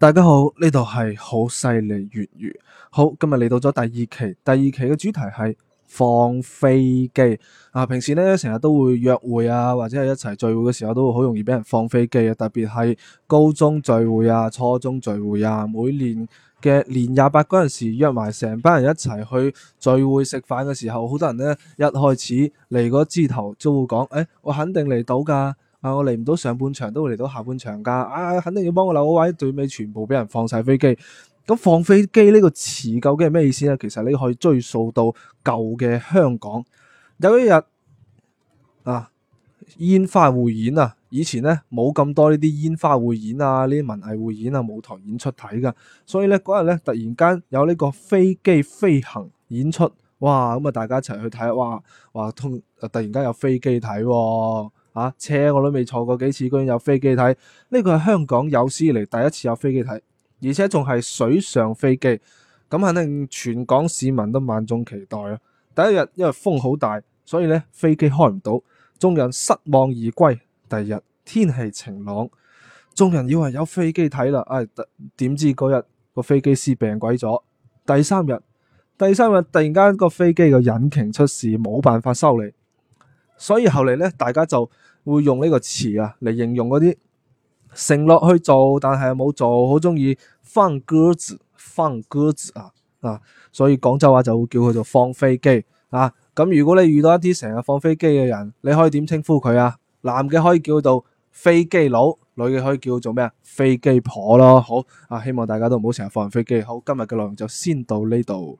大家好，呢度係好犀利粵語。好，今日嚟到咗第二期，第二期嘅主題係放飛機。啊，平時咧成日都會約會啊，或者係一齊聚會嘅時候，都會好容易俾人放飛機啊。特別係高中聚會啊、初中聚會啊，每年嘅年廿八嗰陣時約埋成班人一齊去聚會食飯嘅時候，好多人咧一開始嚟個枝頭就會講：誒，我肯定嚟到噶。啊！我嚟唔到上半場，都會嚟到下半場噶。啊，肯定要幫我留嗰位。最尾全部俾人放晒飛機。咁、啊、放飛機呢個詞究竟係咩意思呢？其實你可以追溯到舊嘅香港。有一日啊，煙花匯演啊，以前呢冇咁多呢啲煙花匯演啊，呢啲文藝匯演啊，舞台演出睇噶。所以呢嗰日呢，突然間有呢個飛機飛行演出，哇！咁啊，大家一齊去睇，哇！哇通突然間有飛機睇、哦。啊！車我都未坐過幾次，居然有飛機睇，呢個係香港有史以嚟第一次有飛機睇，而且仲係水上飛機，咁肯定全港市民都萬眾期待啊！第一日因為風好大，所以呢飛機開唔到，眾人失望而歸。第二日天氣晴朗，眾人以為有飛機睇啦，唉、哎，點知嗰日個飛機師病鬼咗。第三日，第三日突然間個飛機個引擎出事，冇辦法修理。所以後嚟咧，大家就會用呢個詞啊嚟形容嗰啲承諾去做，但係冇做好，中意放 goods 放 g o o d 啊啊！所以廣州話就會叫佢做放飛機啊。咁、啊、如果你遇到一啲成日放飛機嘅人，你可以點稱呼佢啊？男嘅可以叫做「飛機佬」，女嘅可以叫做咩啊？飛機婆咯。好啊，希望大家都唔好成日放人飛機。好，今日嘅內容就先到呢度。